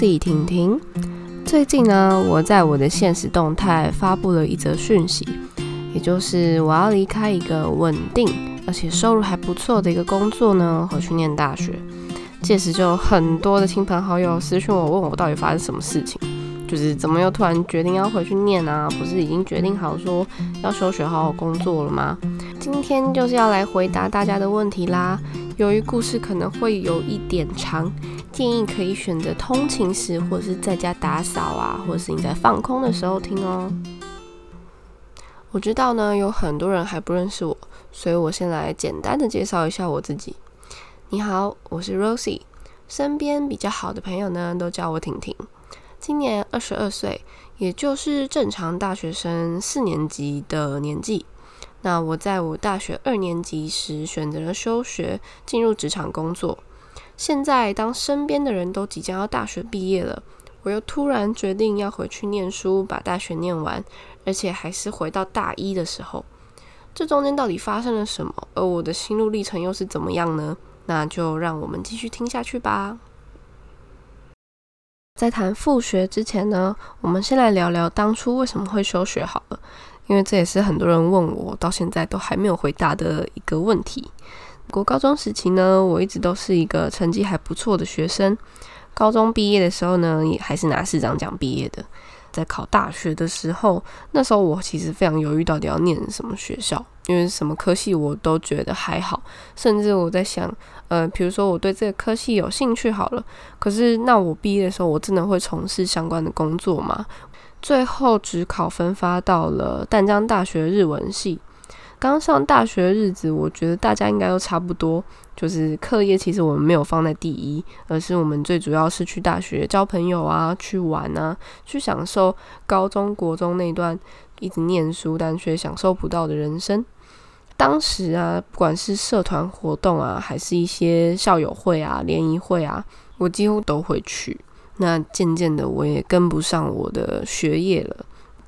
自己聽聽。最近呢，我在我的限時動態發布了一則訊息，也就是我要離開一個穩定而且收入還不錯的一個工作呢，回去念大學。屆時就有很多的親朋好友私訊我，問我到底發生什麼事情，就是怎麼又突然決定要回去念啊？不是已經決定好說要休學好好工作了嗎？今天就是要來回答大家的問題啦。由於故事可能會有一點長，建議可以選擇通勤時，或是在家打掃啊，或是你在放空的時候聽哦。我知道呢，有很多人還不認識我，所以我先來簡單的介紹一下我自己。你好，我是 Rosie，身邊比較好的朋友呢都叫我婷婷，今年二十二歲，也就是正常大學生四年級的年紀。那我在我大學二年級時選擇了休學，進入職場工作。現在當身邊的人都即將要大學畢業了，我又突然決定要回去唸書，把大學念完，而且還是回到大一的時候。這中間到底發生了什麼？而我的心路歷程又是怎麼樣呢？那就讓我們繼續聽下去吧。在談復學之前呢，我們先來聊聊當初為什麼會休學好了。因為這也是很多人問我到現在都還沒有回答的一個問題。不過高中時期呢，我一直都是一個成績還不錯的學生。高中畢業的時候呢，也還是拿市長獎畢業的。在考大學的時候，那時候我其實非常猶豫，到底要念什麼學校，因為什麼科系我都覺得還好。甚至我在想，呃，比如說我對這個科系有興趣好了，可是那我畢業的時候，我真的會從事相關的工作嗎？最後，指考分發到了淡江大學日文系。剛上大學的日子，我覺得大家應該都差不多，就是課業其實我們沒有放在第一，而是我們最主要是去大學交朋友啊，去玩啊，去享受高中國中那一段一直念書但卻享受不到的人生。當時啊，不管是社團活動啊，還是一些校友會啊、聯誼會啊，我幾乎都會去。那漸漸的，我也跟不上我的學業了。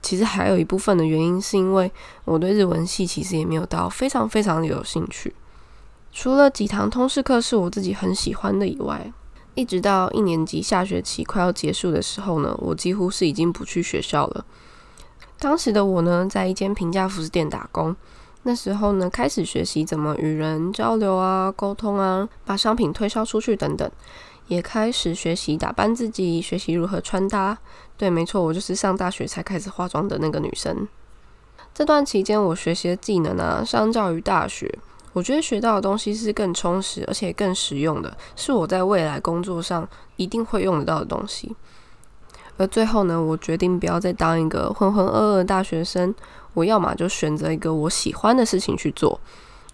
其實還有一部分的原因，是因為我對日文系其實也沒有到非常非常的有興趣。除了幾堂通識課是我自己很喜歡的以外，一直到一年級下學期快要結束的時候呢，我幾乎是已經不去學校了。當時的我呢，在一間平價服飾店打工。那時候呢，開始學習怎麼與人交流啊、溝通啊、把商品推銷出去等等。也開始學習打扮自己，學習如何穿搭。對，沒錯，我就是上大學才開始化妝的那個女生。這段期間我學習的技能呢、啊，相較於大學，我覺得學到的東西是更充實，而且更實用的，是我在未來工作上一定會用得到的東西。而最後呢，我決定不要再當一個渾渾噩噩的大學生，我要麼就選擇一個我喜歡的事情去做。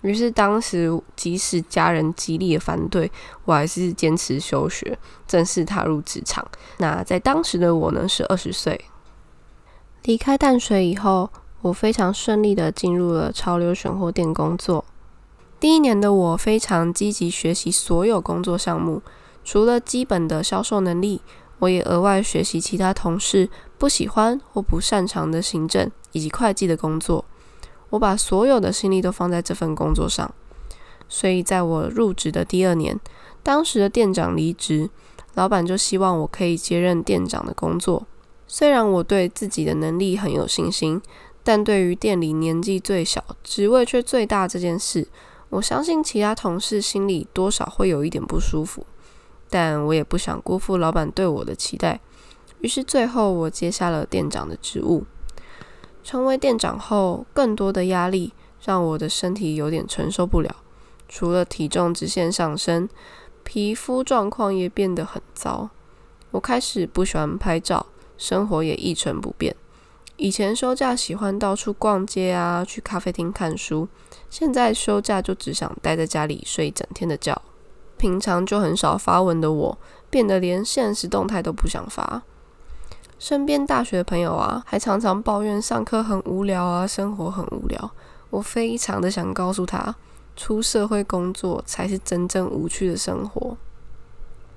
於是，當時即使家人極力的反對，我還是堅持休學，正式踏入職場。那在當時的我呢，是二十歲。離開淡水以後，我非常順利地進入了潮流選貨店工作。第一年的我非常積極學習所有工作項目，除了基本的銷售能力，我也額外學習其他同事不喜歡或不擅長的行政以及會計的工作。我把所有的心力都放在這份工作上，所以在我入職的第二年，當時的店長離職，老板就希望我可以接任店長的工作。雖然我對自己的能力很有信心，但對於店裡年紀最小、職位卻最大這件事，我相信其他同事心裡多少會有一點不舒服。但我也不想辜負老板對我的期待，於是最後我接下了店長的職務。成為店長後，更多的壓力讓我的身體有點承受不了。除了體重直線上升，皮膚狀況也變得很糟。我開始不喜歡拍照，生活也一成不變。以前休假喜歡到處逛街啊，去咖啡廳看書，現在休假就只想待在家裡睡一整天的覺。平常就很少發文的我，變得連限時動態都不想發。身邊大學的朋友啊，還常常抱怨上課很無聊啊，生活很無聊。我非常的想告訴他，出社會工作才是真正無趣的生活。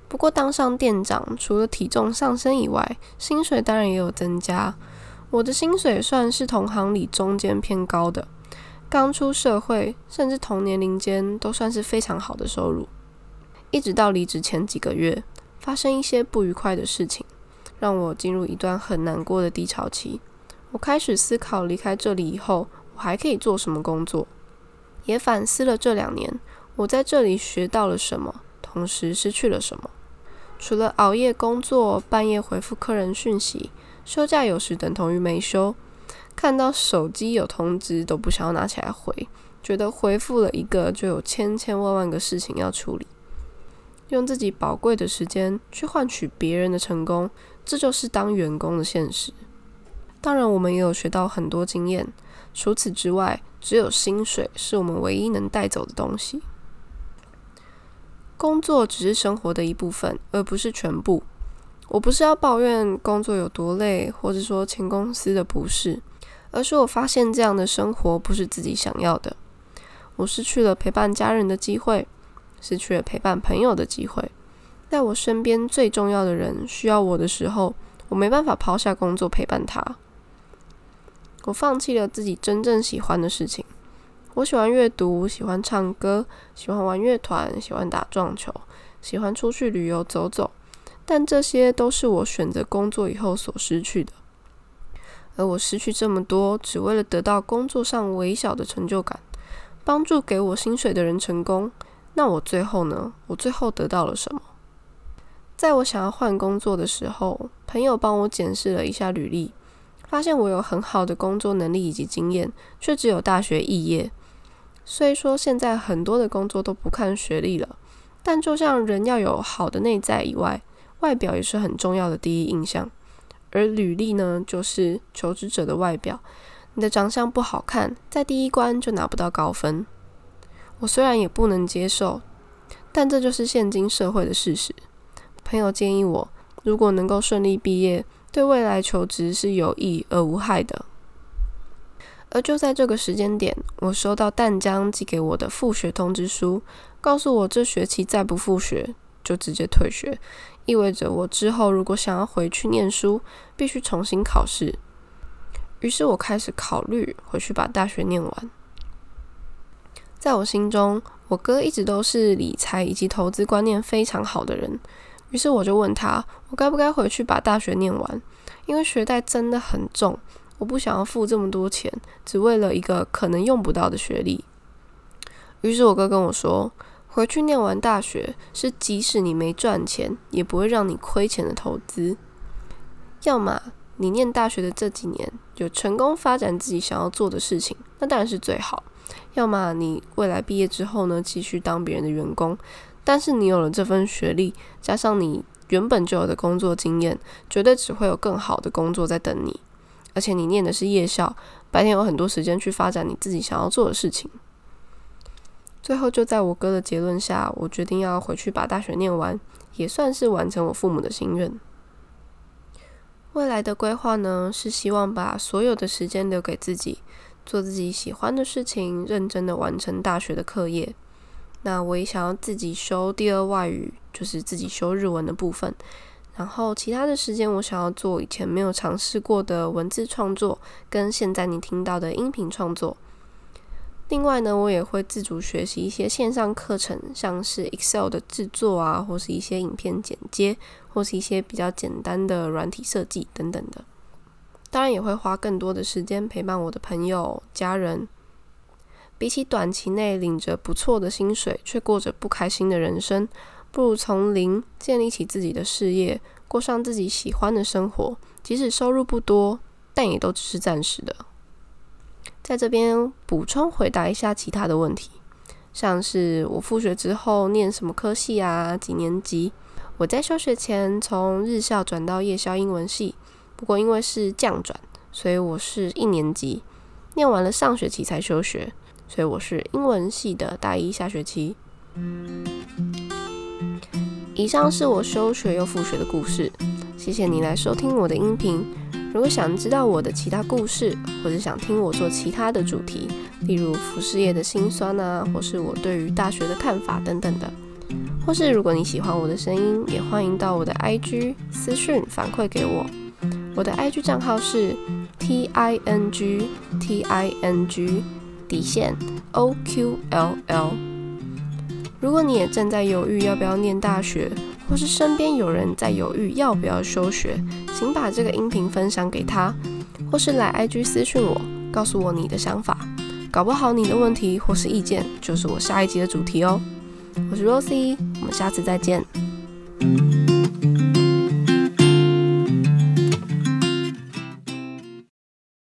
不過當上店長，除了體重上升以外，薪水當然也有增加。我的薪水算是同行裡中間偏高的，剛出社會，甚至同年齡間都算是非常好的收入。一直到離職前幾個月，發生一些不愉快的事情。讓我進入一段很難過的低潮期。我開始思考離開這裡以後，我還可以做什麼工作？也反思了這兩年我在這裡學到了什麼，同時失去了什麼。除了熬夜工作，半夜回復客人訊息，休假有時等同於沒休，看到手機有通知都不想要拿起來回，覺得回復了一個就有千千萬萬個事情要處理，用自己寶貴的時間去換取別人的成功。這就是當員工的現實。當然，我們也有學到很多經驗。除此之外，只有薪水是我們唯一能帶走的東西。工作只是生活的一部分，而不是全部。我不是要抱怨工作有多累，或者說前公司的不是，而是我發現這樣的生活不是自己想要的。我失去了陪伴家人的機會，失去了陪伴朋友的機會。在我身邊最重要的人需要我的時候，我沒辦法拋下工作陪伴他。我放棄了自己真正喜歡的事情。我喜歡閱讀，喜歡唱歌，喜歡玩樂團，喜歡打撞球，喜歡出去旅遊走走。但這些都是我選擇工作以後所失去的。而我失去這麼多，只為了得到工作上微小的成就感，幫助給我薪水的人成功。那我最後呢？我最後得到了什麼？在我想要換工作的時候，朋友幫我檢視了一下履歷，發現我有很好的工作能力以及經驗，卻只有大學肄業。雖說現在很多的工作都不看學歷了，但就像人要有好的內在以外，外表也是很重要的第一印象。而履歷呢，就是求職者的外表。你的長相不好看，在第一關就拿不到高分。我雖然也不能接受，但這就是現今社會的事實。朋友建議我，如果能夠順利畢業，對未來求職是有益而無害的。而就在這個時間點，我收到淡江寄給我的復學通知書，告訴我這學期再不復學就直接退學，意味着我之後如果想要回去念書，必須重新考試。於是我開始考慮回去把大學念完。在我心中，我哥一直都是理財以及投資觀念非常好的人。於是我就問他，我該不該回去把大學念完？因為學貸真的很重，我不想要付這麼多錢，只為了一個可能用不到的學歷。於是我哥跟我說，回去念完大學是即使你沒賺錢，也不會讓你虧錢的投資。要麼你念大學的這幾年有成功發展自己想要做的事情，那當然是最好；要麼你未來畢業之後呢，繼續當別人的員工。但是你有了這份學歷，加上你原本就有的工作經驗，絕對只會有更好的工作在等你。而且你念的是夜校，白天有很多時間去發展你自己想要做的事情。最後就在我哥的結論下，我決定要回去把大學念完，也算是完成我父母的心願。未來的規劃呢，是希望把所有的時間留給自己，做自己喜歡的事情，認真的完成大學的課業。那我也想要自己修第二外語，就是自己修日文的部分。然後其他的時間，我想要做以前沒有嘗試過的文字創作，跟現在你聽到的音頻創作。另外呢，我也會自主學習一些線上課程，像是 Excel 的製作啊，或是一些影片剪接，或是一些比較簡單的軟體設計等等的。當然也會花更多的時間陪伴我的朋友、家人。比起短期內領着不錯的薪水，卻過着不開心的人生，不如從零建立起自己的事業，過上自己喜歡的生活。即使收入不多，但也都只是暫時的。在這邊補充回答一下其他的問題，像是我復學之後念什麼科系啊，幾年級？我在休學前從日校轉到夜校英文系，不過因為是降轉，所以我是一年級，念完了上學期才休學。所以我是英文系的大一下學期。以上是我休學又復學的故事。謝謝你來收聽我的音頻。如果想知道我的其他故事，或是想聽我做其他的主題，例如服飾業的辛酸啊，或是我對於大學的看法等等的，或是如果你喜歡我的聲音，也歡迎到我的 IG 私訊反饋給我。我的 IG 賬號是 TINGTING TING。底線，OQLL。如果你也正在猶豫要不要念大學，或是身邊有人在猶豫要不要休學，請把這個音頻分享給他，或是來 IG 私訊我，告訴我你的想法。搞不好你的問題或是意見就是我下一集的主題哦。我是 Rosie，我們下次再見。